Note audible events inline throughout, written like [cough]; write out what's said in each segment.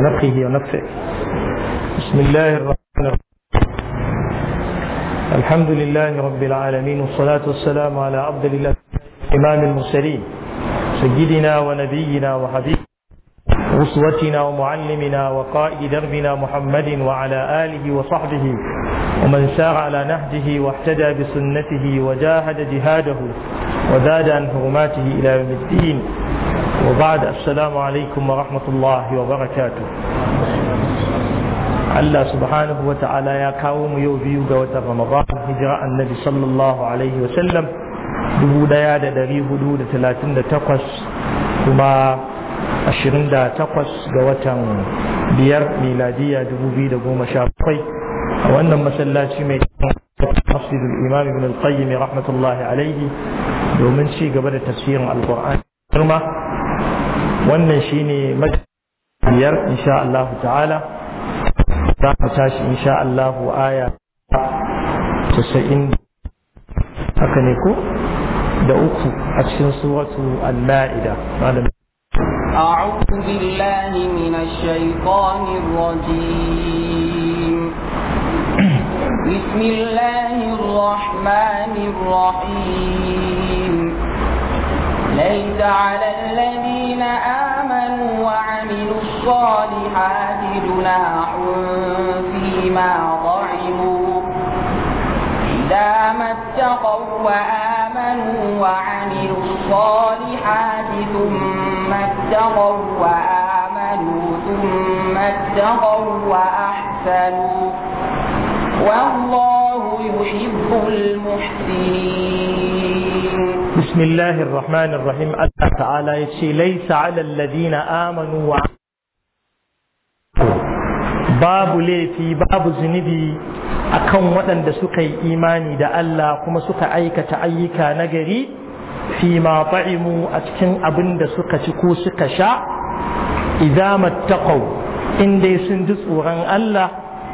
ونفخه ونفخه بسم الله الرحمن الرحيم الحمد لله رب العالمين والصلاة والسلام على عبد الله إمام المرسلين سيدنا ونبينا وحبيبنا أسوتنا ومعلمنا وقائد دربنا محمد وعلى آله وصحبه ومن سار على نهجه واحتدى بسنته وجاهد جهاده وزاد عن حرماته إلى يوم الدين وبعد السلام عليكم ورحمة الله وبركاته Allah subhanahu wa ta'ala ya kawo mu yau biyu ga wata Ramadan hijira annabi sallallahu alaihi wa sallam 1438 kuma 28 ga watan biyar miladiya 2017 a wannan masallaci mai masjidul imam ibn al-qayyim rahmatullahi alaihi domin ci gaba da tafsirin alqur'ani girma wannan shine biyar insha Allah ta'ala za mu tashi insha Allah aya 90 haka ne ko da uku a cikin suratu al-ma'ida أعوذ بالله من الشيطان الرجيم بسم الله الرحمن الرحيم ليس على الذين آمنوا وعملوا الصالحات جناح فيما ضعموا إذا ما اتقوا وآمنوا وعملوا الصالحات ثم اتقوا وآمنوا ثم اتقوا وأحسنوا والله يحب المحسنين بسم الله الرحمن الرحيم الله تعالى يشي ليس على الذين آمنوا و... babu laifi babu zunubi akan waɗanda suka yi imani da Allah kuma suka aikata ayyuka na gari fi ma ta'imu a cikin abin da suka ci ko suka sha idza mattaqaw in dai sun ji tsoron Allah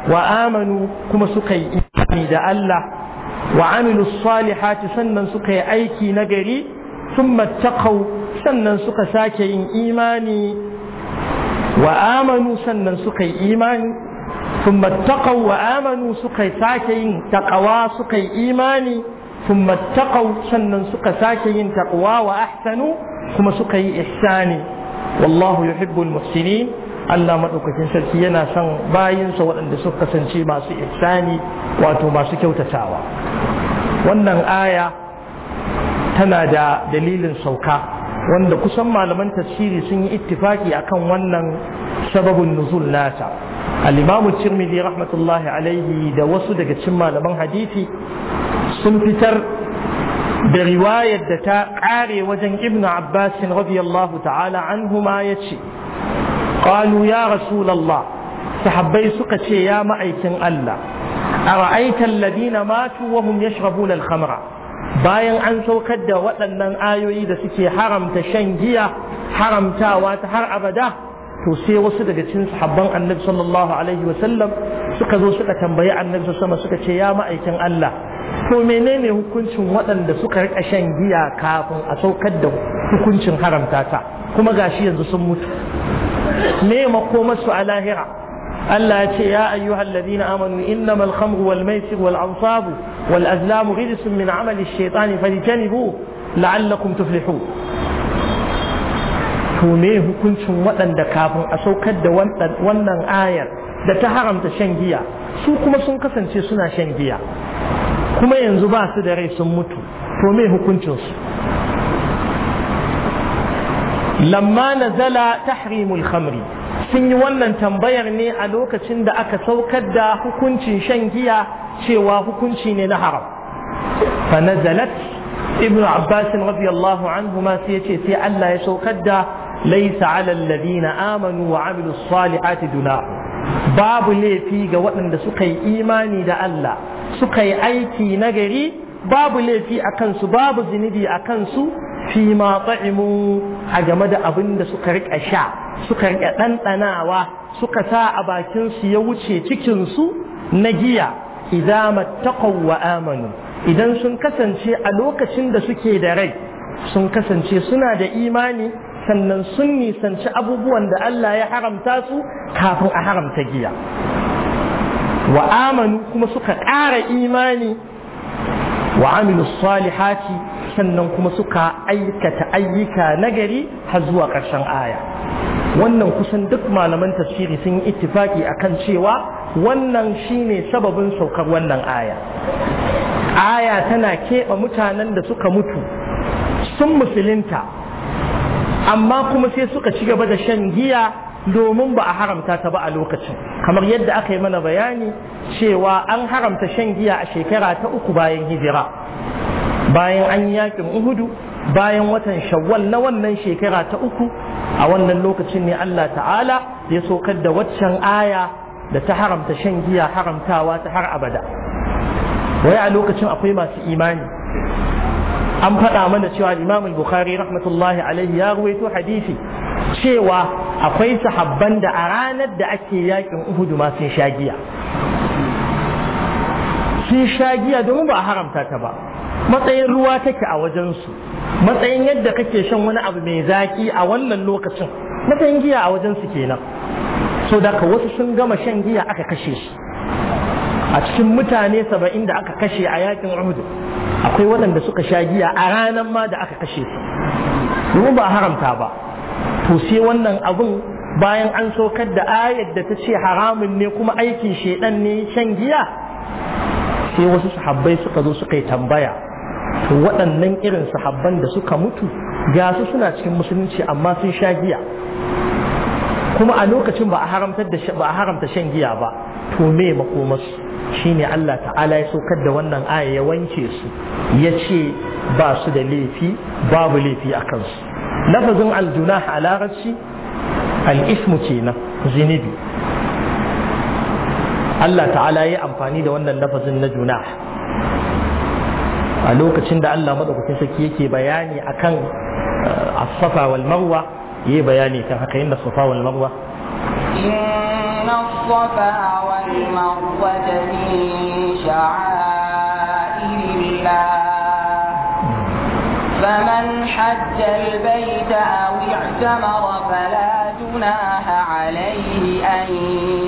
wa amanu kuma suka yi imani da Allah wa amilu salihati sannan suka aiki nagari gari sun taqaw sannan suka sake yin imani wa amanu sannan suka yi imani sun taqaw wa amanu suka sake yin taqawa suka imani sun taqaw sannan suka sake yin taqwa wa ahsanu kuma sukayi ihsani wallahu yuhibbul muhsinin Allah maɗaukakin sarki yana son bayinsa waɗanda suka kasance masu ihsani wato masu kyautatawa wannan aya tana da dalilin sauka wanda kusan malaman tafsiri sun yi ittifaki akan wannan sababin nuzul nata al-imamu tirmidhi rahmatullahi alaihi da wasu daga cikin malaman hadisi sun fitar da riwayar da ta ƙare wajen ibnu abbasin radiyallahu ta'ala anhu ma yace Kwalu ya rasulullah sahabbai suka ce ya ma'aikin Allah ara'aita alladhina matu wa hum yashrabuna bayan an saukar da waɗannan ayoyi da suke haramta shan giya haramtawa ta har abada to sai wasu daga cikin sahabban annabi sallallahu alaihi wa sallam suka zo suka tambayi annabi sama suka ce ya ma'aikin Allah to menene hukuncin waɗanda suka rika shan giya kafin a saukar da hukuncin haramta ta kuma gashi yanzu sun mutu me masu a lahira Allah ya ce ya ayyuhal ladina amanu innamal khamru wal maisir wal ansabu wal azlamu rijsun min amali shaytani fajtanibu la'allakum tuflihun to me hukuncin waɗanda kafin a saukar da wannan ayar da ta haramta shan giya su kuma sun kasance suna shan giya kuma yanzu ba su da rai sun mutu to me hukuncinsu lamma nazala tahrimul khamri sun yi wannan tambayar ne a lokacin da aka saukar da hukuncin shan giya cewa hukunci ne na haram fa nazalat ibn abbas radiyallahu anhu ma sai yace sai Allah ya saukar da laysa ala alladhina amanu wa amilu salihati duna babu laifi ga waɗanda suka yi imani da Allah suka yi aiki nagari babu laifi a kansu babu zunubi a kansu fi ma ta'imu a game da abin da suka rika sha suka rika ɗanɗanawa suka sa a bakin su ya wuce cikin su na giya idan mattaqaw wa amanu idan sun kasance a lokacin da suke da rai sun kasance suna da imani sannan sun nisanci abubuwan da Allah ya haramta su kafin a haramta giya wa amanu kuma suka ƙara imani wa amilu salihati sannan kuma suka aikata ayyuka nagari har zuwa ƙarshen aya wannan kusan duk malaman tafsiri sun yi ittifaki akan cewa wannan shine sababin saukar wannan aya aya tana keɓe mutanen da suka mutu sun musulunta amma kuma sai suka ci gaba da shan giya domin ba a haramta ta ba a lokacin kamar yadda aka yi mana bayani cewa an haramta shan giya a shekara ta uku bayan hijira bayan an yi yakin uhudu bayan watan shawwal na wannan shekara ta uku a wannan lokacin ne Allah ta'ala ya saukar da waccan aya da ta haramta shan giya haramtawa ta har abada wai a lokacin akwai masu imani an faɗa mana cewa imam bukhari rahmatullahi alaihi ya ruwaito hadisi cewa akwai sahabban da a ranar da ake yakin uhudu ma sun sha giya sun sha giya domin ba a haramta ta ba matsayin ruwa take a wajensu matsayin yadda kake shan wani abu mai zaki a wannan lokacin matsayin giya a wajensu kenan so da wasu sun gama shan giya aka kashe shi a cikin mutane saba'in da aka kashe a yakin uhud akwai waɗanda suka sha giya a ranar ma da aka kashe su domin ba haramta ba to sai wannan abun bayan an saukar da ayar da ta ce haramun ne kuma aikin shedan ne shan giya sai wasu sahabbai suka zo suka yi tambaya waɗannan irin sahabban da suka mutu ga su suna cikin musulunci amma sun sha giya kuma a lokacin ba a haramta shan giya ba to me makomarsu shine Allah ta'ala ya saukar da wannan aya ya wanke su ya ce ba su da laifi babu laifi a kansu lafazin aljuna a larabci al'ismu na zinibi Allah ta'ala ya amfani da wannan lafazin na juna a lokacin da Allah madaukakin sarki yake bayani akan uh, as-safa wal marwa yayi bayani kan haka inda safa wal marwa inna as-safa wal marwa min sha'airillah فمن حج البيت أو اعتمر فلا جناح عليه أن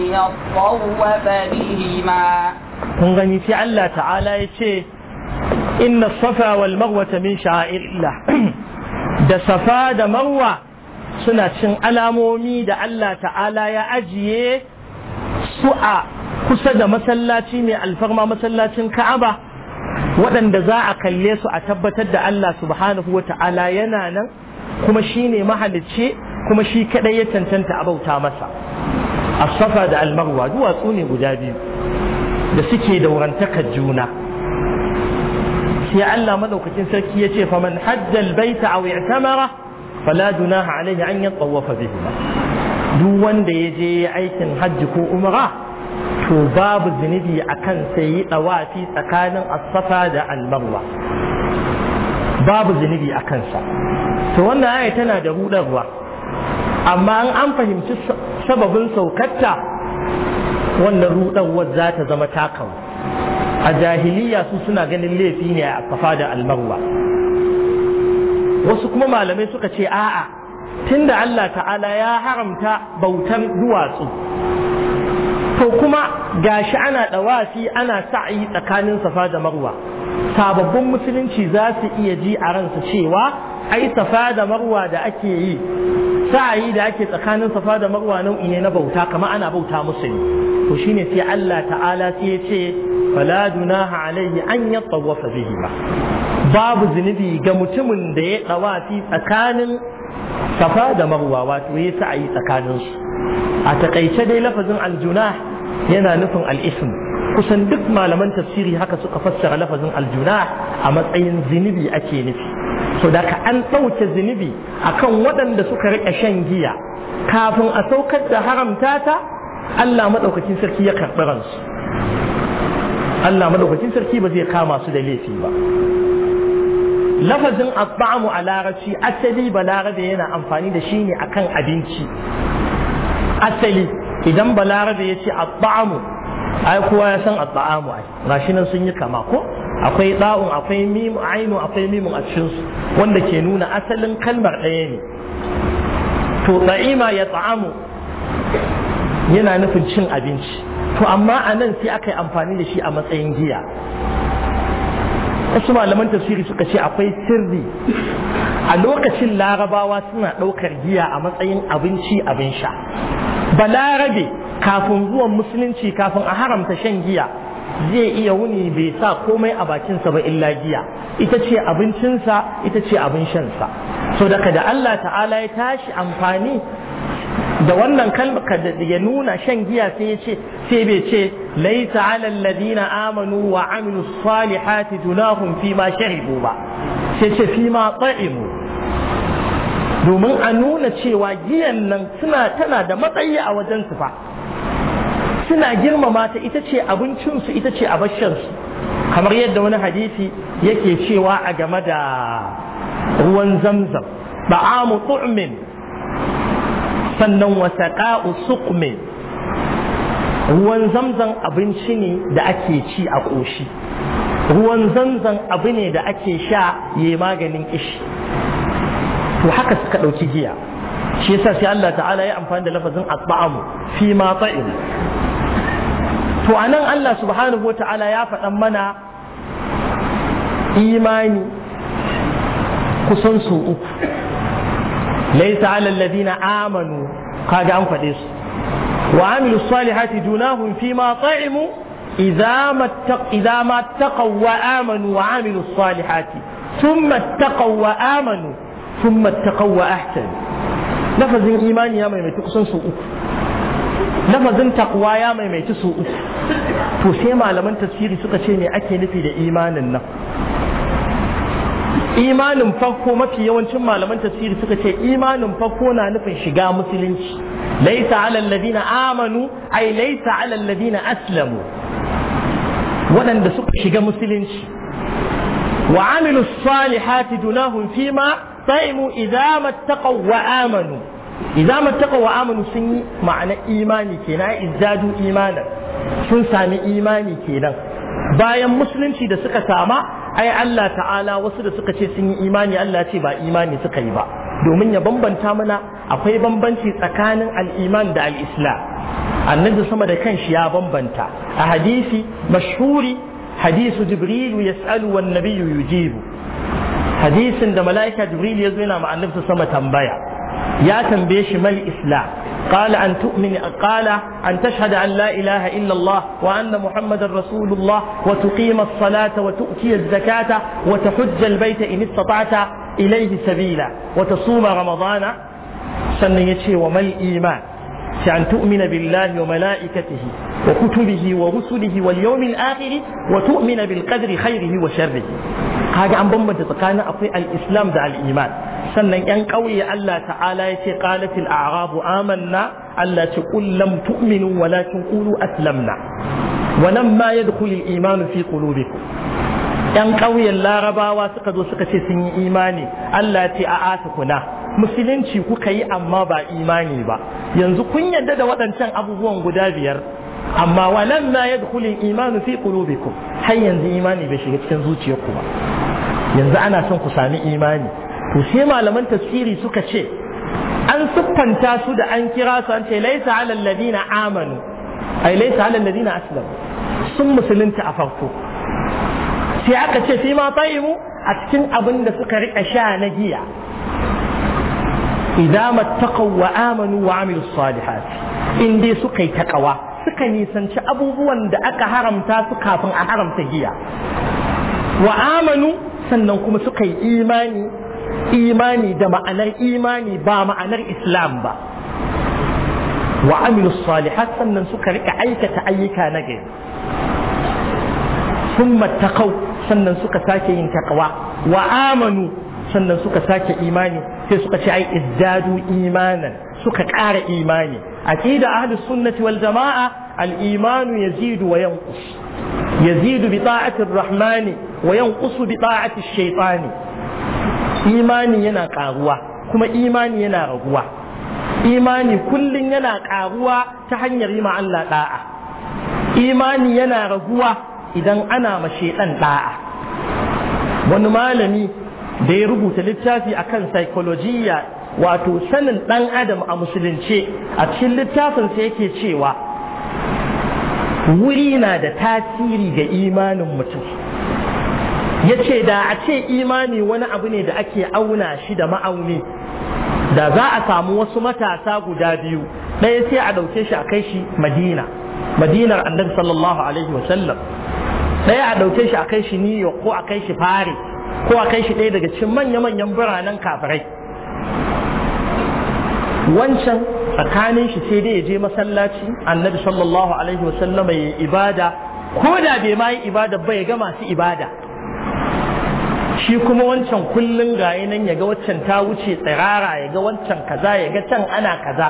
يطوف بهما kun gani sai Allah ta'ala ya ce inna safa wal marwata min sha'airillah [clears throat] da safa da marwa suna cin alamomi da Allah ta'ala ya ajiye su a kusa da masallaci mai alfarma masallacin Ka'aba waɗanda za a kalle su a tabbatar da Allah subhanahu wa ta'ala yana nan kuma shi ne mahalicce kuma shi kaɗai ya cancanta a bauta masa A safa da almarwa duwatsu ne guda biyu da suke da wurantakar juna sai Allah madaukakin sarki ya ce faman hajjal baita aw i'tamara fala junaha alayhi an yatawafa bihima duk wanda ya je aikin hajji ko umra to babu zunubi akan sai yi dawafi tsakanin as-safa da al-marwa babu zunubi a kansa to wannan aya tana da rudarwa amma an an fahimci sababin saukarta, wannan rudarwar za ta zama takawa a jahiliya su suna ganin laifi ne a safa da almarwa wasu kuma malamai suka ce a'a tunda Allah ta'ala ya haramta bautan duwatsu to kuma gashi ana dawafi ana sa'ayi tsakanin safa da marwa sababbin musulunci za su iya ji a ransa cewa ai safa da marwa da ake yi sa'ayi da ake tsakanin safa da marwa nau'i ne na bauta kama ana bauta musu ne to shine sai Allah ta'ala sai ya ce fala dunaha alaihi an yatawafa bihi ba babu zunubi ga mutumin da ya dawafi tsakanin safa da marwa wato ya sa'ayi tsakanin su a takaice dai lafazin aljunah yana nufin al'ism kusan duk malaman tafsiri haka suka fassara lafazin aljunah a matsayin zunubi ake nufi To da ka an ɗauke zunubi akan waɗanda suka riƙa shan giya kafin a saukar da haramta ta Allah maɗaukakin sarki ya karɓi ransu Allah maɗaukakin sarki ba zai kama su da laifi ba lafazin asba'amu a larabci asali balarabe yana amfani da shi ne akan abinci asali idan balarabe ya ce asba'amu ai kowa ya san at-ta'amu ai gashi nan sun yi kama ko akwai da'un akwai mim ainu akwai mim a cikin su wanda ke nuna asalin kalmar ɗaya ne to da'ima ya ta'amu yana nufin cin abinci to amma a nan sai aka yi amfani da shi a matsayin giya wasu malaman tafsiri suka ce akwai sirri a lokacin larabawa suna ɗaukar giya a matsayin abinci abin sha balarabe kafin zuwan musulunci kafin a haramta shan giya zai iya wuni bai sa komai a bakinsa ba illa giya ita ce abincinsa ita ce abin shansa so daga da Allah ta'ala ya tashi amfani da wannan kalma ya nuna shan giya sai ya ce sai bai ce laisa alal ladina amanu wa amilu salihati junahum fi ma shahidu ba sai ce fi ma ta'imu domin a nuna cewa giyan nan suna tana da matsayi a wajen su fa suna girmama ta ita ce abincinsu ita ce abashinsu kamar yadda wani hadisi yake cewa a game da ruwan zamzam ba'amu tu'min sannan wasaqa'u suqmin ruwan zamzam abinci ne da ake ci a ƙoshi ruwan zamzam abu ne da ake sha yayi maganin ishi to haka suka ɗauki giya shi yasa sai Allah ta'ala ya amfani da lafazin asba'amu fi ma ta'im to anan Allah subhanahu wa ta'ala ya faɗan mana imani kusan su uku laisa ala alladhina amanu kaga an faɗe su wa amilu salihati junahum fi ma ta'imu idza ma taqaw wa amanu wa amilu salihati thumma taqaw wa amanu thumma taqaw wa ahsanu lafazin imani ya maimaita kusan su uku lafazin takwa ya maimaici su uku to sai malaman tafsiri suka ce me ake nufi da imanin nan imanin farko mafi yawancin malaman tafsiri suka ce imanin farko na nufin shiga musulunci laisa ala amanu ai laisa ala aslamu waɗanda suka shiga musulunci wa amilu salihati dunahum fima sa'imu idza mattaqaw wa amanu idza mattaqa wa Aminu sun yi ma'ana imani kenan izdadu imanan sun sami imani kenan bayan musulunci da suka sama ai Allah ta'ala wasu da suka ce sun yi imani Allah ce ba imani suka yi ba domin ya bambanta mana akwai bambanci tsakanin al'iman da al'islam annabi sama da kanshi ya bambanta a hadisi mashhuri hadisu jibrilu yas'alu wan nabiyyu yujibu hadisin da mala'ika jibril ya zo yana ma annabi sama tambaya يا تنبيش ما الإسلام قال أن تؤمن قال أن تشهد أن لا إله إلا الله وأن محمد رسول الله وتقيم الصلاة وتؤتي الزكاة وتحج البيت إن استطعت إليه سبيلا وتصوم رمضان يشي وما الإيمان أن تؤمن بالله وملائكته وكتبه ورسله واليوم الآخر وتؤمن بالقدر خيره وشره هذا عن بمبة كان أطيع الإسلام دع الإيمان sannan yan ƙauye Allah ta'ala ya ce qalatil a'rabu amanna Allah ce qul lam tu'minu walakin qulu aslamna ma yadkhulu al-iman fi qulubikum yan ƙauyen larabawa suka zo suka ce sun yi imani Allah ce a asa kuna musulunci kuka yi amma ba imani ba yanzu kun yadda da waɗancan abubuwan guda biyar amma wa ma yadkhulu al-iman fi qulubikum har yanzu imani bai shiga cikin zuciyarku ba yanzu ana son ku sami imani to sai malaman tafsiri suka ce an siffanta su da an kira su an ce laisa alal ladina amanu ai laisa alal ladina sun musulunta a farko sai aka ce fi ma taimu a cikin abin da suka rika sha na giya idan mattaqaw wa amanu wa amilu salihat in dai suka yi takawa suka nisanci abubuwan da aka haramta su kafin a haramta giya wa amanu sannan kuma suka yi imani imani da ma'anar imani ba ma'anar islam ba wa amilu salihat sannan suka rika aikata ayyuka na gari sun matakau sannan suka sake yin takawa wa amanu sannan suka sake imani sai suka ce ai izdadu imanan suka ƙara imani aqida ahlus sunnati wal jama'a al imanu yazidu wa yanqus yazidu bi ta'ati rahmani wa yankusu bi ta'ati ash imani yana karuwa kuma imani yana raguwa imani kullum yana karuwa ta hanyar yi Allah ɗa'a imani yana raguwa idan ana ma shedan da'a wani malami da ya rubuta littafi a kan psychologiya wato sanin ɗan adam a musulunce a cikin littafin sai yake cewa wuri na da tasiri ga imanin mutum ya ce da a ce imani wani abu ne da ake auna shi da ma'auni da za a samu wasu matasa guda biyu ɗaya sai a ɗauke shi a kai shi madina madinar annabi sallallahu alaihi wa sallam ɗaya a ɗauke shi a kai shi new york ko a kai shi paris ko a kai shi ɗaya daga cikin manya-manyan biranen kafirai wancan tsakanin shi sai dai ya je masallaci annabi sallallahu alaihi wa sallam ya ibada ko da bai ma yi ibada ba ya ga masu ibada shi kuma wancan kullun gaye nan ya ga waccan ta wuce tsirara ya ga wancan kaza ya ga can ana kaza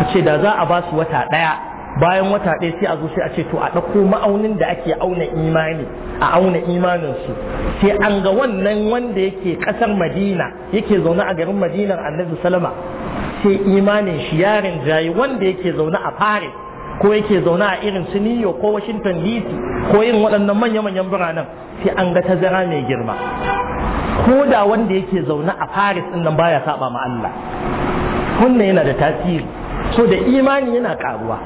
a ce da za a ba su wata ɗaya bayan wata ɗaya sai a zo sai a ce to a ɗauko ma'aunin da ake auna imani a auna imaninsu sai an ga wannan wanda yake ƙasar madina yake zaune a garin madinar annabi salama sai imanin shi yarin jayi wanda yake zaune a paris ko yake zaune a irin su New ko Washington DC ko yin waɗannan manya-manyan biranen sai an ga tazara mai girma ko da wanda yake zaune a Paris din nan baya saba ma Allah wannan yana da tasiri so da imani yana karuwa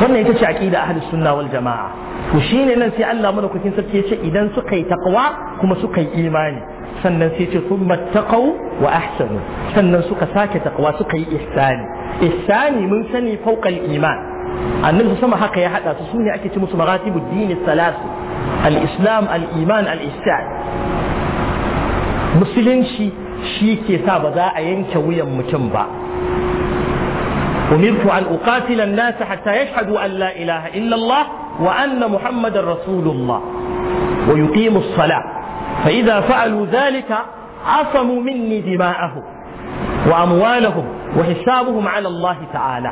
wannan ita ce aqida ahlus sunna wal jamaa to shine nan sai Allah madaukakin sarki yace idan suka yi taqwa kuma suka yi imani sannan sai ce thumma taqaw wa ahsanu sannan suka sake taqwa suka yi ihsani ihsani mun sani fawqa iman annabi sama haka ya hada su sune ake ce musu maratibud din salasu al islam al iman al ihsan musulunci shi ke sa ba za a yanke wuyan mutum ba umirtu an uqatila an-nas hatta yashhadu an la ilaha illallah Allah wa anna muhammadar rasulullah wa yuqimu as-salah fa idza fa'alu dhalika asamu minni dima'ahum wa amwalahum wa hisabuhum 'ala Allah ta'ala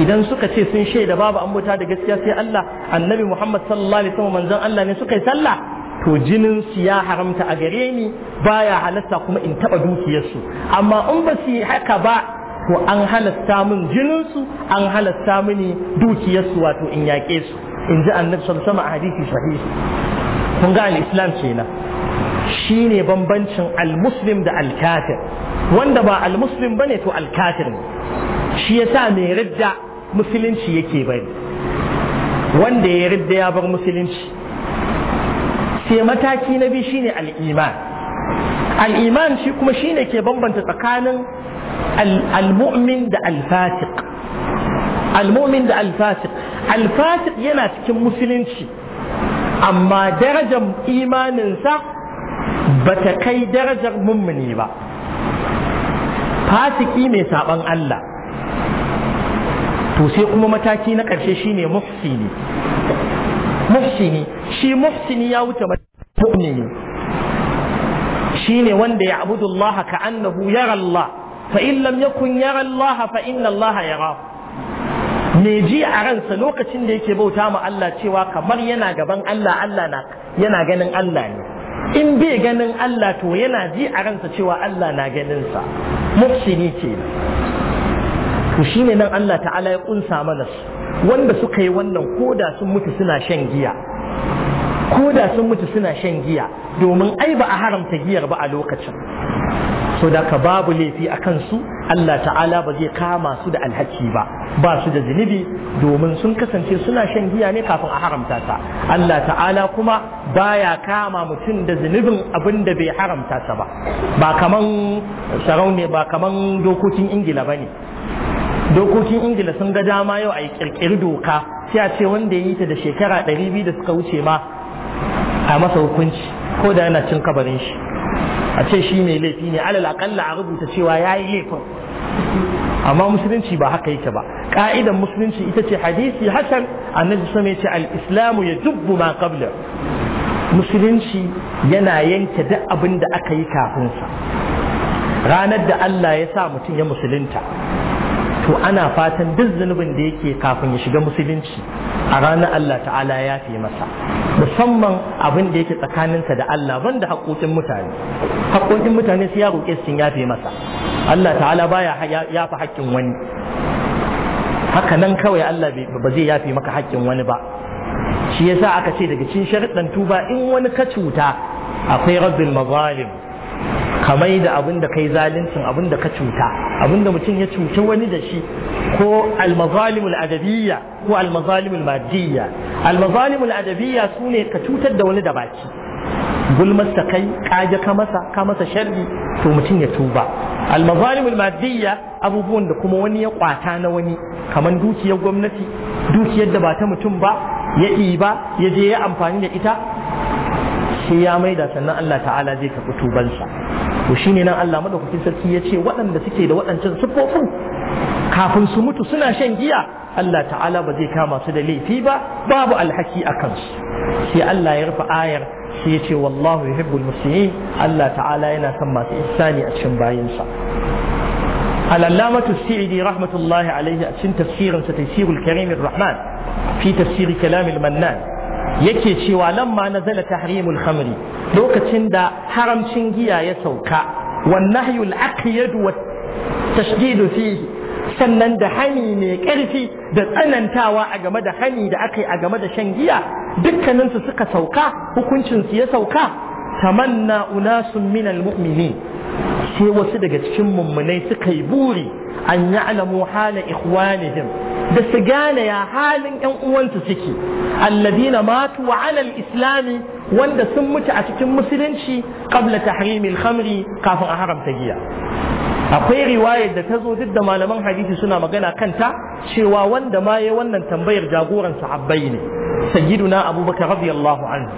idan suka ce sun shaida babu an da gaskiya sai Allah annabi Muhammad sallallahu alaihi wasallam manzon Allah ne suka yi sallah to jinin su ya haramta a gare ni baya halatta kuma in taɓa dukiyarsu amma in ba su haka ba to an halasta min jinin an halasta mini dukiyarsu wato in yaƙe su in ji annabi sallallahu alaihi a hadisi sahihi kun ga al-islam kenan shine bambancin al-muslim da al-kafir wanda ba al-muslim bane to al-kafir ne shi yasa mai ridda musulunci yake bari wanda ya ridda ya bar musulunci sai mataki na biyu shine al'iman al'iman shi kuma shine ke bambanta tsakanin al-mu'min da al-fasiq al-mu'min da al-fasiq al-fasiq yana cikin musulunci amma darajar imaninsa ba ta kai darajar mummuni ba fasiki mai saban Allah to sai kuma mataki na ƙarshe shine muhsini muhsini shi muhsini ya wuce mu'mini shine wanda ya abudu Allah ka annahu yara Allah fa in lam yakun yara Allah fa inna Allah yara. me ji a ransa lokacin da yake bauta ma Allah cewa kamar yana gaban Allah Allah na yana ganin Allah ne in bai ganin Allah to yana ji a ransa cewa Allah na ganin sa muhsini ce to shine nan Allah ta'ala ya kunsa mana su wanda suka yi wannan koda sun mutu suna shan giya koda sun mutu suna shan giya domin ai ba a haramta giyar ba a lokacin so da ka babu laifi a kansu Allah ta'ala ba zai kama su da alhaki ba ba su da zunubi domin sun kasance suna shan giya ne kafin a haramta ta Allah ta'ala kuma baya kama mutum da zunubin abin da bai haramta ta ba ba kaman sarauniya ba kaman dokokin ingila ba ne dokokin ingila sun ga dama yau a yi kirkiri doka sai a ce wanda ya yi ta da shekara ɗari biyu da suka wuce ma a masa hukunci ko da yana cin kabarin shi a ce shi mai laifi ne alal akalla a rubuta cewa ya yi laifin amma musulunci ba haka yake ba ka'idan musulunci ita ce hadisi hasan annabi sama yace al-islamu ya dubbu ma qabla musulunci yana yanke duk abin da aka yi kafin sa ranar da Allah ya sa mutum ya musulunta to ana fatan duk zunubin da yake kafin ya shiga musulunci a ranar Allah ta'ala ya fi masa musamman abin da yake tsakaninsa da Allah banda haƙoƙin mutane haƙoƙin mutane su ya roƙe su ya fi masa Allah ta'ala ba ya fi haƙƙin wani haka nan kawai Allah ba zai yafi maka haƙƙin wani ba shi yasa aka ce daga cikin sharuɗan tuba in wani ka cuta akwai rabbil mazalim kamai da abin da kai zaluncin abin da ka cuta abin da mutum ya cuci wani da shi ko almazalimul adabiyya ko almazalimul madiyya almazalimul adabiyya sune ka cutar da wani da baki gulmarsa kai kaje ka masa ka masa sharri to mutum ya tuba almazalimul madiyya abubuwan da kuma wani ya kwata na wani kamar dukiyar gwamnati dukiyar da ba ta mutum ba ya ɗiba ya je ya amfani da ita sai ya maida sannan Allah ta'ala zai karɓi tubansa to shine nan Allah madaukakin sarki ya ce waɗanda suke da waɗancan siffofin kafin su mutu suna shan giya Allah ta'ala ba zai kama su da laifi ba babu alhaki a kansu sai Allah ya rufe ayar sai ya ce wallahu yuhibbul muslimin Allah ta'ala yana son masu ihsani a cikin bayinsa العلامة السعدي رحمة الله عليه أتشن تفسيرا ستيسير الكريم الرحمن في تفسير كلام المنان yake cewa lamma zala tahrimul khamri lokacin da haramcin giya ya sauka wan nahyul aqyad wa fihi sannan da hani mai ƙarfi da tsanantawa a game da hani da aka yi a game da shan giya dukkaninsu suka sauka hukuncinsu ya sauka tamanna unasun minal mu'minin sai wasu daga cikin mummunai suka yi buri an ya'lamu hala ikhwanihim da su gane ya halin yan uwansu suke alladina matu wa alal islami wanda sun mutu a cikin musulunci qabla tahrimil khamri kafin a haramta giya akwai riwayar da ta zo duk da malaman hadisi suna magana kanta cewa wanda ma ya wannan tambayar jagoran sahabbai ne sayyiduna abubakar radiyallahu anhu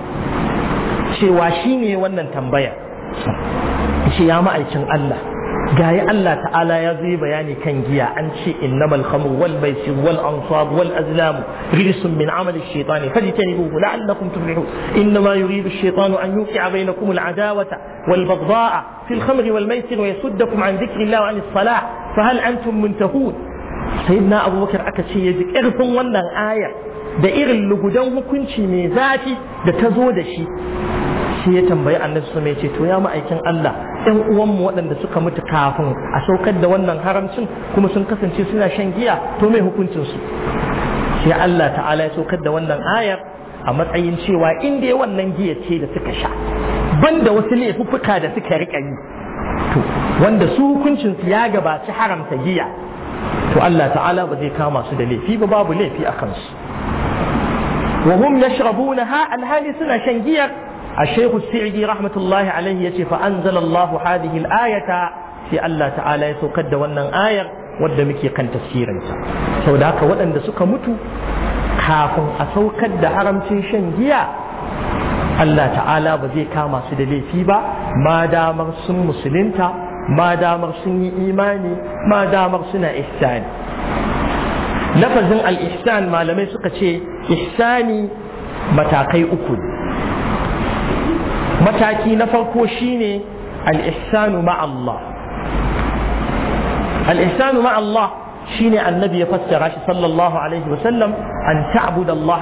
cewa shine wannan tambayar yace ya ma'aikin Allah ga yi Allah ta'ala ya zo bayani kan giya an ce innamal khamru wal maisir wal ansab wal azlamu rijsun min amalin amal ash-shaytani fajtanibuhu la'allakum tuflihun innama yuridu ash-shaytanu an bai na kuma al'adawata wal baghdha'a fil khamri wal maisir wa kuma an lawa dhikrillah wa anis salah fahal antum muntahun na abubakar aka ce ya ji karfin wannan ayar da irin lugudan hukunci mai zafi da ta zo da shi sai ya tambayi annabi su mai ce to ya ma'aikin Allah ɗan uwanmu waɗanda suka mutu kafin a saukar da wannan haramcin kuma sun kasance suna shan giya to mai hukuncin su sai Allah ta'ala ya saukar da wannan ayar a matsayin cewa in dai wannan giya ce da suka sha banda wasu laifuffuka da suka rika yi to wanda su hukuncin su ya gabaci haramta giya to Allah ta'ala ba zai kama su da laifi ba babu laifi a kansu wa hum yashrabuna ha alhali suna shan giyar A الشيخ السعدي رحمة ya ce يشي فأنزل الله هذه الآية في الله تعالى يتوقد wannan ayar wadda muke kan tafsirinsa sau da haka waɗanda suka mutu kafin a saukar da haramcin shan giya Allah ta'ala ba zai kama su da laifi ba ma damar sun musulunta ma sun yi imani ma damar suna ihsani lafazin al-ihsan malamai suka ce ihsani matakai uku mataki na farko shine al-ihsanu Allah al-ihsanu Allah shine annabi ya fassara shi sallallahu alaihi wasallam an ta'budu Allah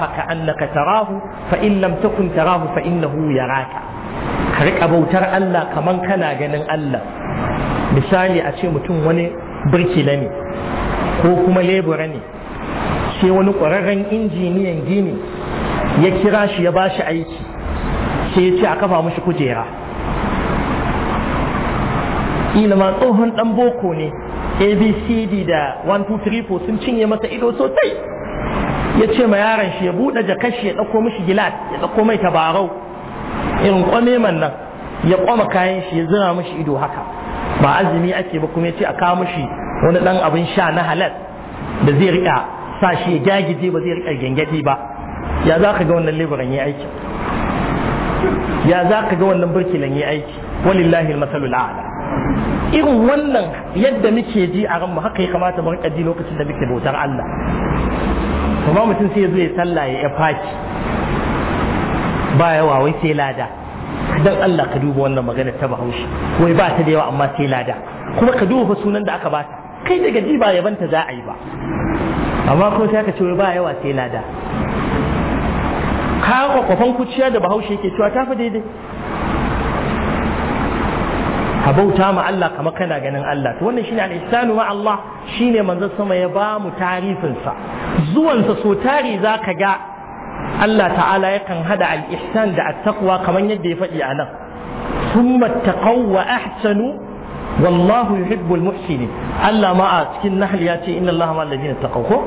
ka tarahu fa in lam takun tarahu fa innahu yaraka ka rika bautar Allah kaman kana ganin Allah misali a ce mutum wani birkila ne ko kuma lebura ne sai wani ƙwararren injiniyan gini ya kira shi ya bashi aiki sai ya ce a kafa mushi kujera ma tsohon dan boko ne abcd da 1234 sun cinye masa ido sosai ya ce ma yaron shi ya buɗe jakashi ya ɗauko mushi gilas ya ɗauko mai tabarau irin kwame man nan ya kwama kayan shi ya zura mushi ido haka ba azumi ake ba kuma ya ce a kawo mushi wani ɗan abin sha na halal da zai riƙa sa shi ya gyagije ba zai riƙa gyangyaɗe ba ya za ka ga wannan leburan ya aiki ya za ka ga wannan birkilan ya aiki walillahi al a'la irin wannan yadda muke ji a ranmu haka ya kamata mu rika ji lokacin da muke bautar Allah ba mutum sai ya zo ya sallah ya faki ba yawa wai sai lada dan Allah ka duba wannan magana ta Bahaushe wai ba ta da yawa amma sai lada kuma ka duba sunan da aka bata kai daga ji ba yabanta za a yi ba amma ko sai ka ce wai ba yawa sai lada kaka kwafan kuciya da bahaushe yake cewa ta fi daidai ka bauta ma Allah kamar kana ganin Allah to wannan shine al-ihsanu ma Allah shine manzon sama ya ba mu tarifin sa zuwan sa so tari zaka ga Allah ta'ala yakan hada al-ihsan da at-taqwa kamar yadda ya faɗi a nan thumma taqaw wa ahsanu wallahu yuhibbu al-muhsinin Allah ma a cikin nahl ya ce inna Allah ma alladhina taqaw ko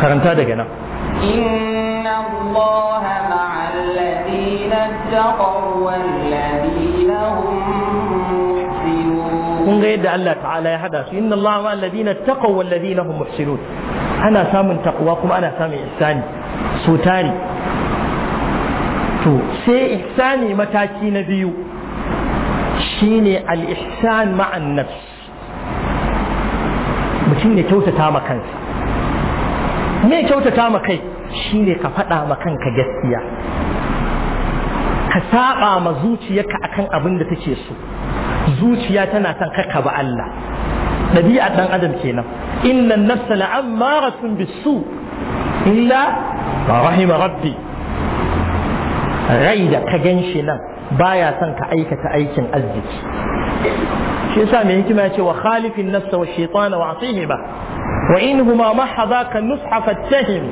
karanta daga nan الله مع الذين اتقوا والذين هم kun ga yadda Allah ta'ala ya hada su inna Allah ma'al ladina taqaw wal ladina hum muhsinun ana samun taqwa kuma ana samun ihsani so tari to sai ihsani mataki na biyu shine al ihsan ma'an nafs mutum ya kyautata ma kansa me kyautata ma kai shine ka faɗa ma kanka gaskiya ka saba ma zuciyarka akan abin da take so zuciya tana son ka ba Allah Dabi'a ɗan adam kenan inna nafsa la'ammaratun bisu illa ma rahima rabbi rai da ka gan shi nan baya son ka aikata aikin arziki shi yasa mai hikima ce wa khalifin nafsa wa shaytana wa ba? wa in huma mahadaka nushafat tahim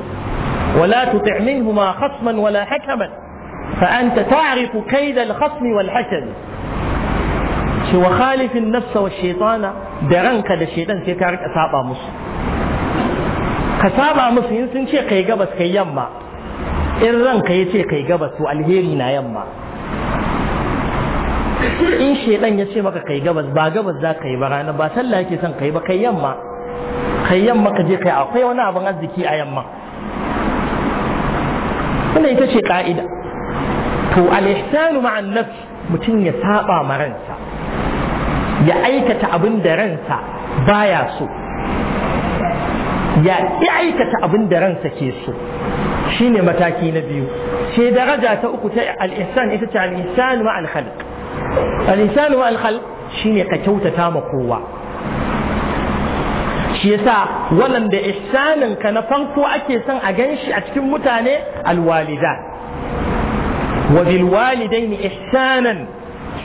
ولا تطع منهما خصما ولا حكما فأنت تعرف كيد الخصم والحكم وخالف النفس والشيطان درنك ده الشيطان سيتارك أسابا مصر كسابا مصر ينسن شيء كي قبس كي يما إن رنك يتي كي قبس والهيرنا يما إن شيطان يتي مكا كي قبس با قبس ذا كي برانا با سلا يتي كي بكي كي يما كي أو كي ونا بغزي كي أيما wannan ita ce ka'ida to al-ihsanu ma'an nafs mutum ya saba ma ransa ya aikata abin da ransa baya so ya ki aikata abin da ransa ke so shine mataki na biyu sai daraja ta uku ta al-ihsan ita ce al-ihsan ma'al khalq al-ihsan ma'al khalq shine ka kyautata ma kowa shi yasa waɗanda ihsanin ka na farko ake son a gan shi a cikin mutane alwalida wa bil walidaini ihsanan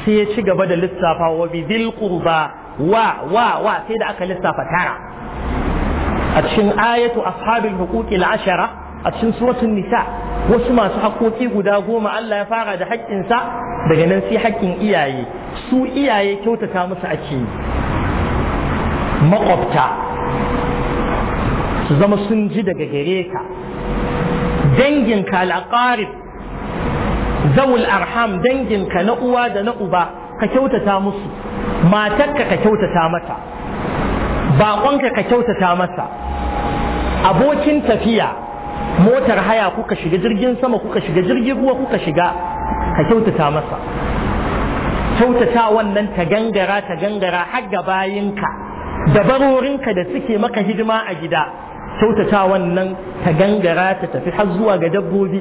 sai ya ci gaba da lissafa wa bil qurba wa wa wa sai da aka lissafa tara a cikin ayatu ashabil huquqil ashara a cikin suratul nisa wasu masu haƙoƙi guda goma Allah ya fara da haƙƙinsa daga nan sai haƙƙin iyaye su iyaye kyautata musu ake maƙwabta su zama sun ji daga gare ka danginka al'aqarib zawul arham danginka na uwa da na uba ka kyautata musu matarka ka kyautata mata baƙonka ka kyautata masa abokin tafiya motar haya kuka shiga jirgin sama kuka shiga jirgin ruwa kuka shiga ka kyautata masa kyautata wannan ta gangara ta gangara har ga bayinka dabarorinka da suke maka hidima a gida kyautata wannan ta gangara ta tafi har zuwa ga dabbobi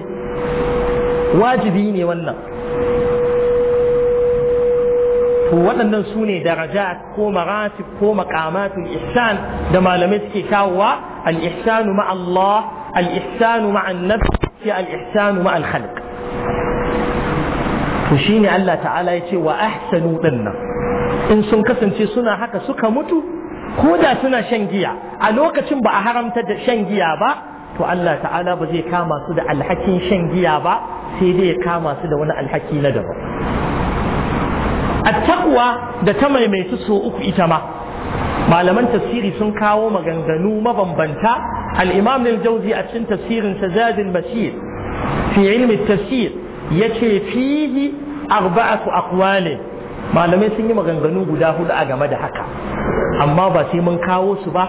wajibi ne wannan to waɗannan su ne daraja ko maratib ko maqamatul ihsan da malamai suke kawowa al ihsanu ma Allah al ihsanu ma annabi al ihsanu ma al khalq to shine Allah ta'ala ya ce wa ahsanu dinnan in sun kasance suna haka suka mutu ko da suna shan giya a lokacin ba a haramta da shan giya ba to Allah ta'ala ba zai kama su da alhakin shan giya ba sai dai ya kama su da wani alhaki na daban Takwa da ta maimaitu so uku ita ma malaman tafsiri sun kawo maganganu mabambanta al-imam al-jawzi a cikin tafsirin tazadil basir fi ilmi tafsir yace fihi arba'atu aqwali malamai sun yi maganganu guda hudu a game da haka amma ba sai mun kawo su ba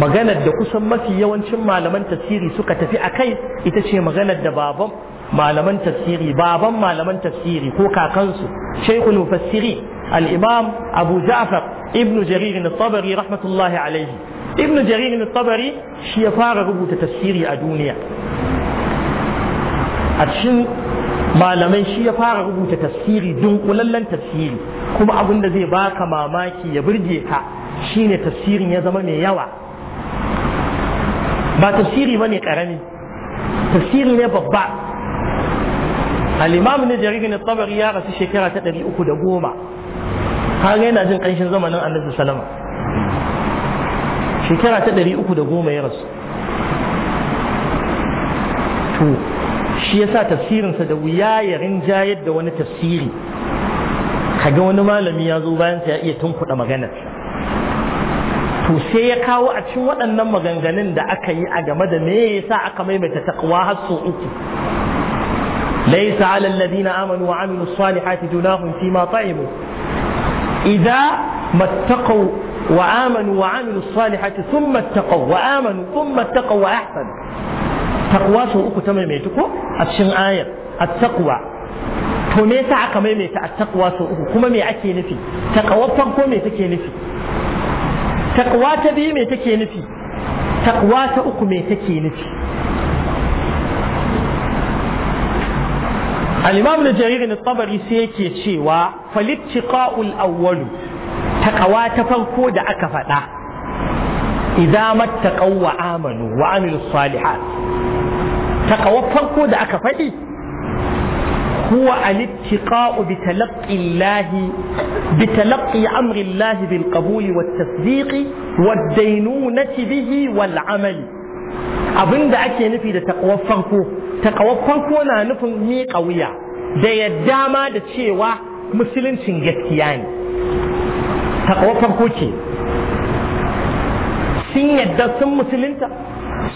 maganar da kusan mafi yawancin malaman tafsiri suka tafi a kai ita ce maganar da baban malaman tafsiri baban malaman tafsiri ko kakansu shaykhul mufassiri al-imam abu ja'far ibnu jarir al-tabari rahmatullahi alayhi ibnu jarir al-tabari shi ya fara rubuta tafsiri a duniya a cikin malamai shi ya fara rubuta tafsiri dunkulallen tafsiri kuma abin da zai baka mamaki ya burge ka Shi ne tafsirin ya zama mai yawa ba tafsiri ba ne ƙarami tafsiri ne babba al'imam na jaridin tabari ya rasu shekara ta ɗari uku da goma har yana jin ƙanshin zamanin annabi salama shekara ta ɗari uku da goma ya rasu to shi ya sa tafsirinsa da wuya ya rinja da wani tafsiri kaga wani malami ya zo bayan ya iya tunkuɗa maganarsa to sai ya kawo a cikin waɗannan maganganun da aka yi a game da me yasa aka maimaita taqwa har sau uku laysa 'ala alladhina amanu wa 'amilu s-salihati junahun fi ma ta'imu idza mattaqaw wa amanu wa 'amilu s-salihati thumma ittaqaw wa amanu thumma ittaqaw wa ahsan taqwa sau uku ta maimaita ko a cikin ayar at-taqwa to me yasa aka maimaita at-taqwa sau uku kuma me ake nufi taqwa farko me take nufi takwa ta biyu me take nufi takwa ta uku me take nufi al-imam al-jarir al-tabari sai yake cewa falittiqa'ul awwalu takawa ta farko da aka faɗa idza mattaqaw wa amanu wa amilus salihat takawa farko da aka faɗi هو الاتقاء بتلقي الله بتلقي أمر الله بالقبول والتصديق والدينونة به والعمل abin da ake nufi da takawar farko takawar farko na nufin miƙa wuya da yadda ma da cewa musuluncin gaskiya ne takawar farko ce sun yadda sun musulunta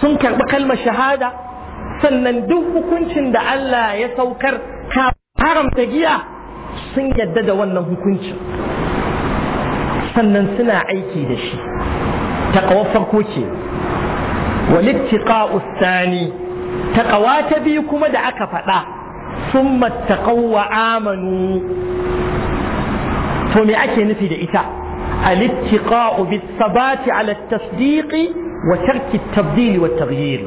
sun karɓi kalmar shahada sannan duk hukuncin da Allah ya saukar ka haramta giya sun yadda da wannan hukuncin sannan suna aiki da shi taqwa farko ce walittiqa'u thani taqwa ta biyu kuma da aka faɗa summa taqawwa amanu to me ake nufi da ita الاتقاء بالثبات على التصديق وترك wa والتغيير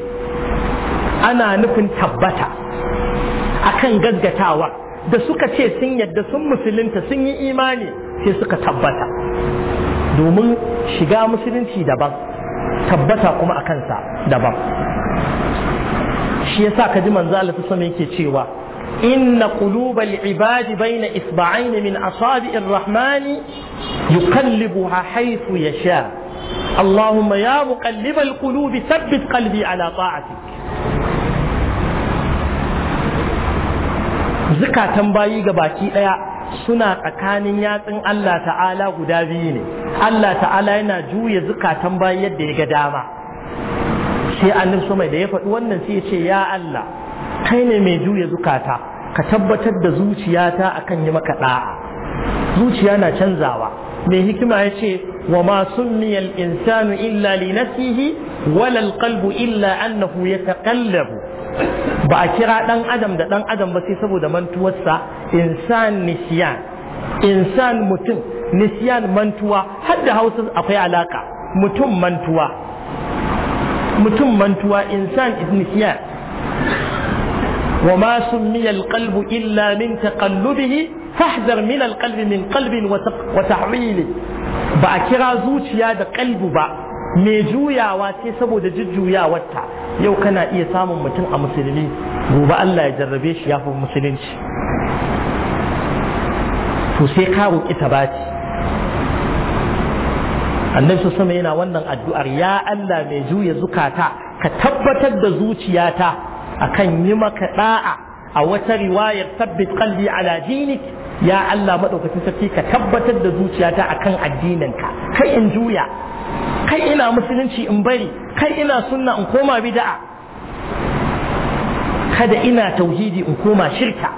Ana nufin tabbata. akan gaggatawa da suka ce sun yadda sun musulunta sun yi imani sai suka tabbata domin shiga musulunci daban tabbata kuma a kansa daban shi yasa ka ji manzo Allah sama yake cewa inna qulubal ibadi baina isba'ain min asabi'ir rahmani yuqallibuha haythu yasha اللهم يا مقلب القلوب ثبت قلبي على طاعتك zukatan bayi ga baki ɗaya suna tsakanin yatsun Allah ta'ala guda biyu ne Allah ta'ala yana juya zukatan bayi yadda ya ga dama sai annabi mai da ya faɗi wannan sai ya ce ya Allah kai ne mai juya zukata ka tabbatar da zuciyata akan yi maka da'a zuciya na canzawa mai hikima ya ce wa ma sunniyal insanu illa li nafsihi wala alqalbu illa annahu yataqallabu ba a kira ɗan adam da ɗan adam ba sai saboda mantuwarsa insan nisyan insan mutum nisyan mantuwa har da hausa akwai alaka mutum mantuwa mutum mantuwa insan nisyan وما سمي illa min من fahdar فاحذر من min من قلب وتحويله ba a kira zuciya da kalbu ba mai juyawa sai saboda jujjuyawarta yau kana iya samun mutum a musulmi gobe Allah ya jarrabe shi ya fi musulunci to sai ka roƙi annabi su sama yana wannan addu'ar ya Allah mai juya zukata ka tabbatar da zuciyata akan yi maka da'a a wata riwayar tabbit qalbi ala dinik ya Allah madaukakin sarki ka tabbatar da zuciyata akan ka kai in juya kai ina musulunci in bari kai ina sunna in koma bid'a kada ina tauhidi in koma shirka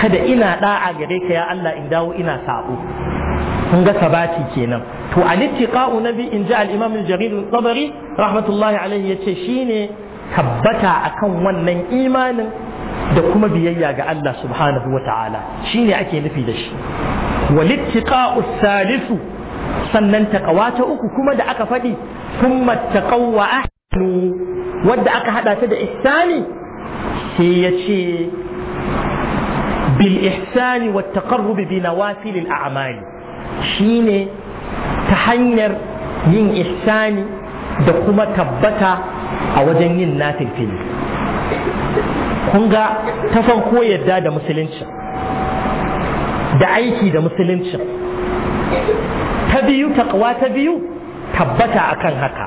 kada ina da'a gare ka ya Allah in dawo ina sabo kun ga sabati kenan to al-ittiqa'u nabi in ja al-imam al-jarir al-tabari rahmatullahi alayhi yace shine tabbata akan wannan imanin da kuma biyayya ga Allah subhanahu wa ta'ala shine ake nufi da shi wal-ittiqa'u Salisu. sannan ta ta uku kuma da aka faɗi kuma taqawwa ahsanu wadda aka hada ta da ihsani sai ya ce bil ihsani wat taqarrub bi nawafil al a'mal shine ta hanyar yin ihsani da kuma tabbata a wajen yin nafilfili kun ga ta farko yadda da musulunci da aiki da musulunci ta biyu takwa ta biyu tabbata akan haka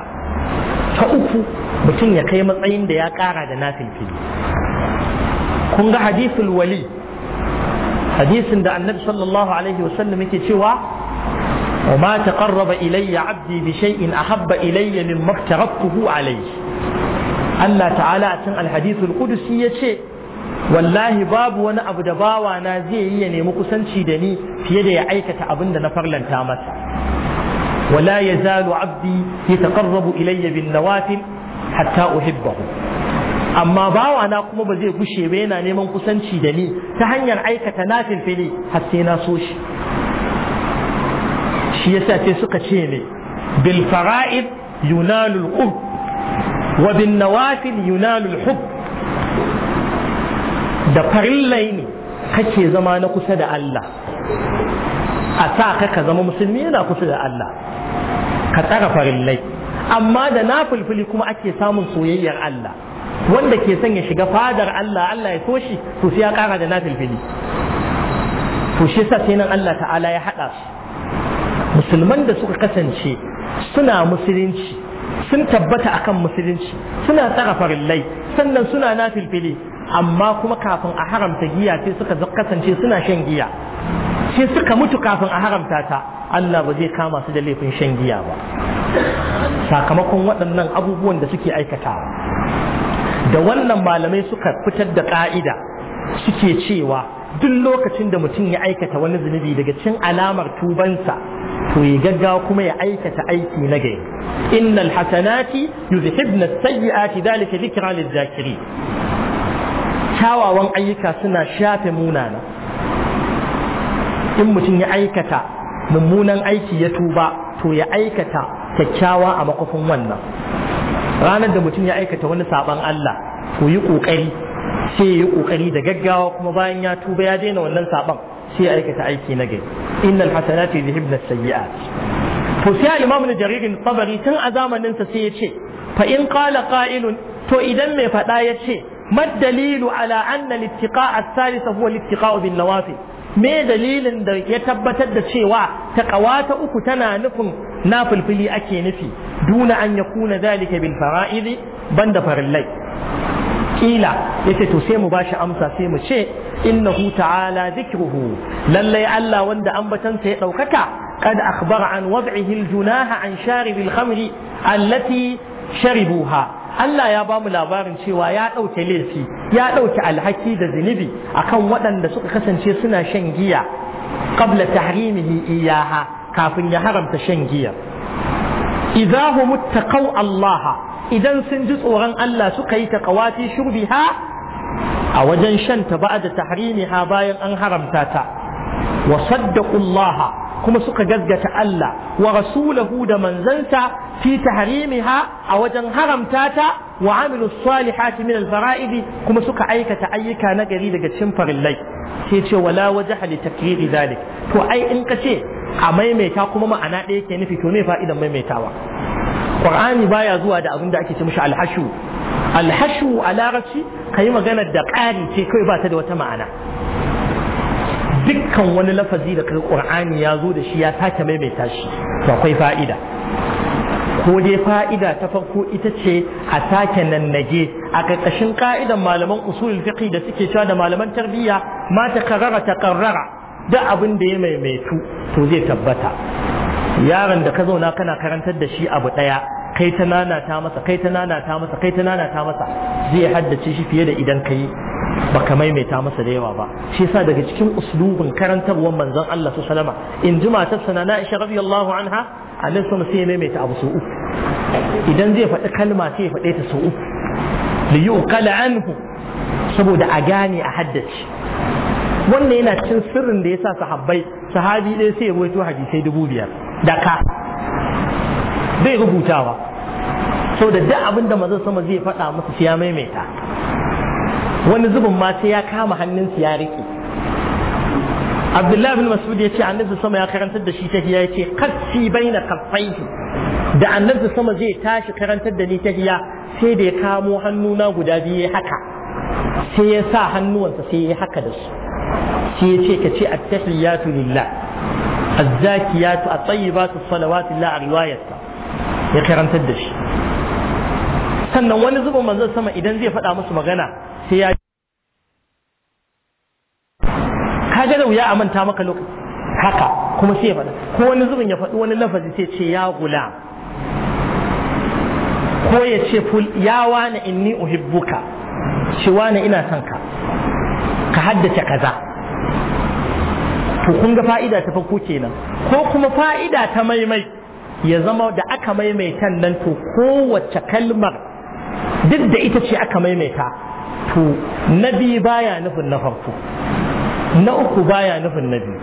ta uku mutum ya kai matsayin da ya kara da na fili kun ga hadithul wali hadisin da annabi sallallahu alaihi wasallam yake cewa وما تقرب إلي عبدي بشيء أحب إلي مما افترضته عليه Allah ta'ala a cin alhadisul kudusi ya ce wallahi babu wani abu da bawa na zai yi ya nemi kusanci da ni fiye da ya aikata abin da na farlanta masa wala yazalu abdi yataqarrabu ilayya bin nawafil hatta uhibbahu amma bawa na kuma ba zai gushe ba yana neman kusanci da ni ta hanyar aikata nafil fili har sai na so shi shi yasa sai suka ce ne bil fara'id yunalul qurb wa bin nawafil yunalul hubb da farillai ne kake zama na kusa da Allah a sa ka ka zama musulmi yana kusa da Allah ka tsara farillai amma da na fulfuli kuma ake samun soyayyar Allah wanda ke son ya shiga fadar Allah Allah ya toshi to sai ya kara da na fulfuli to shi sa sai nan Allah ta'ala ya haɗa su musulman da suka kasance suna musulunci sun tabbata akan musulunci suna tsara farillai sannan suna na filfili amma kuma kafin a haramta giya sai suka kasance suna shan giya sai suka mutu kafin a haramta ta Allah ba zai kama su da laifin shan giya ba sakamakon waɗannan abubuwan da suke aikata, da wannan malamai suka fitar da ƙa'ida suke cewa duk lokacin da mutum ya aikata wani zunubi daga cin alamar tubansa to ya gaggawa kuma ya aikata aiki na gari innal hasanati yuzhibna sayyi'ati dhalika dhikra lizakiri kyawawan ayyuka suna shafe munana in mutum ya aikata mummunan aiki ya tuba to ya aikata kyakkyawa a makofin wannan ranar da mutum ya aikata wani saban Allah to yi kokari sai yi kokari da gaggawa kuma bayan ya tuba ya daina wannan saban sai ya aikata aiki na gari innal hasanati yuzhibna sayyi'at to sai al-imam al-jarir al-tabari tun a zamanin sa sai ya ce fa in qala qa'ilun to idan mai fada ya ce ما الدليل على أن الاتقاء الثالث هو الاتقاء بالنوافل me dalilin da ya tabbatar da cewa ta ƙawata uku tana nufin nafilfili ake nufi duna an yakuna zalika bil fara'idi banda farillai kila yace to sai mu bashi amsa sai mu ce innahu ta'ala dhikruhu lallai Allah wanda an batansa ya daukaka kad akhbara an wad'ihi al junaha an sharib al khamri allati sharibuha Allah ya bamu labarin cewa ya ɗauke laifi ya ɗauke alhaki da zunubi akan waɗanda suka kasance suna shan giya qabla tahrimihi iyaha kafin ya haramta shan giya idza hum muttaqaw Allah idan sun ji tsoron Allah suka yi taqawati shurbiha a wajen shan ta ba'da tahrimiha bayan an haramta ta wa saddaqu Allah kuma suka gaggata Allah wa rasulahu da manzansa fi tahrimiha a wajen haramta ta wa amilu salihati min al-fara'id kuma suka aikata ayyuka na gari daga cikin farillai sai ce wala wajha li takriri zalik to ai in ka ce a maimaita kuma ma'ana ɗaya ke nufi to me fa'idan maimaitawa qur'ani baya zuwa da abin da ake ce mishi alhashu alhashu a larabci kayi magana da ƙari ce kawai ba ta da wata ma'ana dukkan wani lafazi da kaga qur'ani ya zo da shi ya sake maimaita shi to akwai fa'ida ko dai fa'ida ta farko ita ce a sake nannage a ƙarƙashin ka'idan malaman usulul fiqh da suke cewa da malaman tarbiyya ma ta karara ta karara duk abin da ya maimaitu to zai tabbata yaron da ka zauna kana karantar da shi abu ɗaya kai ta nanata masa kai ta nanata masa kai ta nanata masa zai haddace shi fiye da idan ka yi baka maimaita masa da yawa ba shi yasa daga cikin uslubin karantarwar manzon Allah su salama in ji matar sana na Aisha radiyallahu anha annabi sama sai maimaita abu su uku idan zai faɗi kalma sai ya faɗe ta su uku li yuqala anhu saboda a gane a haddace wannan yana cikin sirrin da yasa sahabbai sahabi ɗaya sai ya wato hadisai dubu biyar da ka bai rubutawa saboda duk abin da manzon sama zai faɗa masa sai ya maimaita wani zubin ma sai ya kama hannunsa ya riƙe abdullahi bin mas'ud ya ce annabi sama ya karantar da shi ta hiya ya ce bai na kaffaihi da annabi sama zai tashi karantar da ni ta hiya sai da ya kamo hannuna guda biyu haka sai ya sa hannuwansa sai ya haka da su sai ya ce ka ce attahiyatu lillah azzakiyatu at-tayyibatu salawatu lillah a riwayarsa ya karantar da shi sannan wani zubin manzon sama idan zai faɗa musu magana sai ya wuya a manta maka lokaci haka kuma sai ya faɗa ko wani zubin ya faɗi wani lafazi sai ce ya gula ko ya ce ya wani inni uhibbuka shi wani ina son ka ka haddace kaza to kun ga fa'ida ta farko kenan ko kuma fa'ida ta maimai ya zama da aka maimaita nan to kowace kalmar duk da ita ce aka maimaita to na biyu baya nufin na farko na uku baya nufin na biyu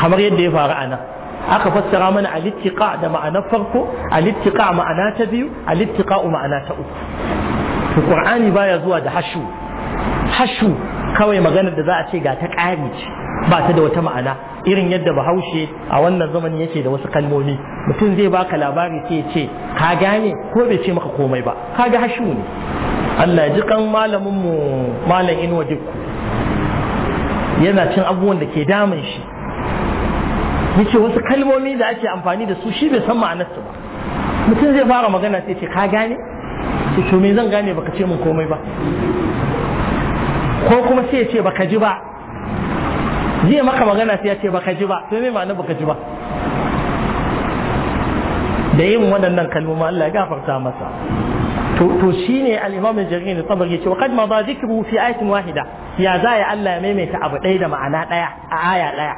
kamar yadda ya faru a nan aka fassara mana a alittiqa da ma'anar farko a alittiqa ma'ana ta biyu alittiqa ma'ana ta uku to qur'ani baya zuwa da hashu hashu kawai magana da za a ce ga ta ƙari ce ba ta da wata ma'ana irin yadda bahaushe a wannan zamani yake da wasu kalmomi mutum zai baka labari sai ce ka gane ko bai ce maka komai ba ka ga hashu ne Allah ji kan malamin mu malam inuwa dukku yana cin abubuwan da ke damun shi yace wasu kalmomi da ake amfani da su shi bai san ma'anar su ba mutum zai fara magana sai ce ka gane ce to me zan gane baka ce min komai ba ko kuma sai ya ce baka ji ba zai maka magana sai ya ce baka ji ba to me ma'anar baka ji ba da yin waɗannan kalmomi Allah ya gafarta masa to shine al jaririn da jarir tabari yace wa qad ma ba zikru fi wahida ya za ya Allah ya maimaita abu ɗaya da ma'ana ɗaya a aya ɗaya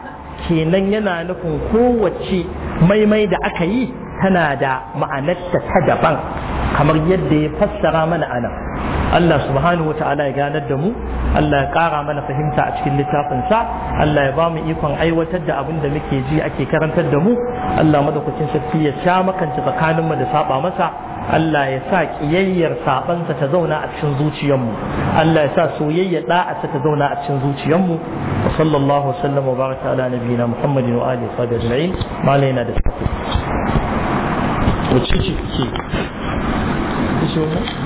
kenan yana nufin kowace maimai da aka yi tana da ma'anarta ta daban kamar yadda ya fassara mana anan. Allah subhanahu ta'ala ya ganar da mu Allah ya ƙara mana fahimta a cikin sa Allah ya ba mu ikon aiwatar da abin da muke ji ake karantar da mu Allah madaukakin sarki ya sha makance tsakaninmu da saba masa Allah ya sa ƙiyayyar saɓansa ta zauna a cikin zuciyarmu Allah ya sa soyayya ɗa'arsa ta zauna a cikin zuciyarmu wa sallallahu wasallam wa baraka ala nabiyina Muhammadin wa alihi wa sahbihi ajma'in malai na da sauki wace ce ke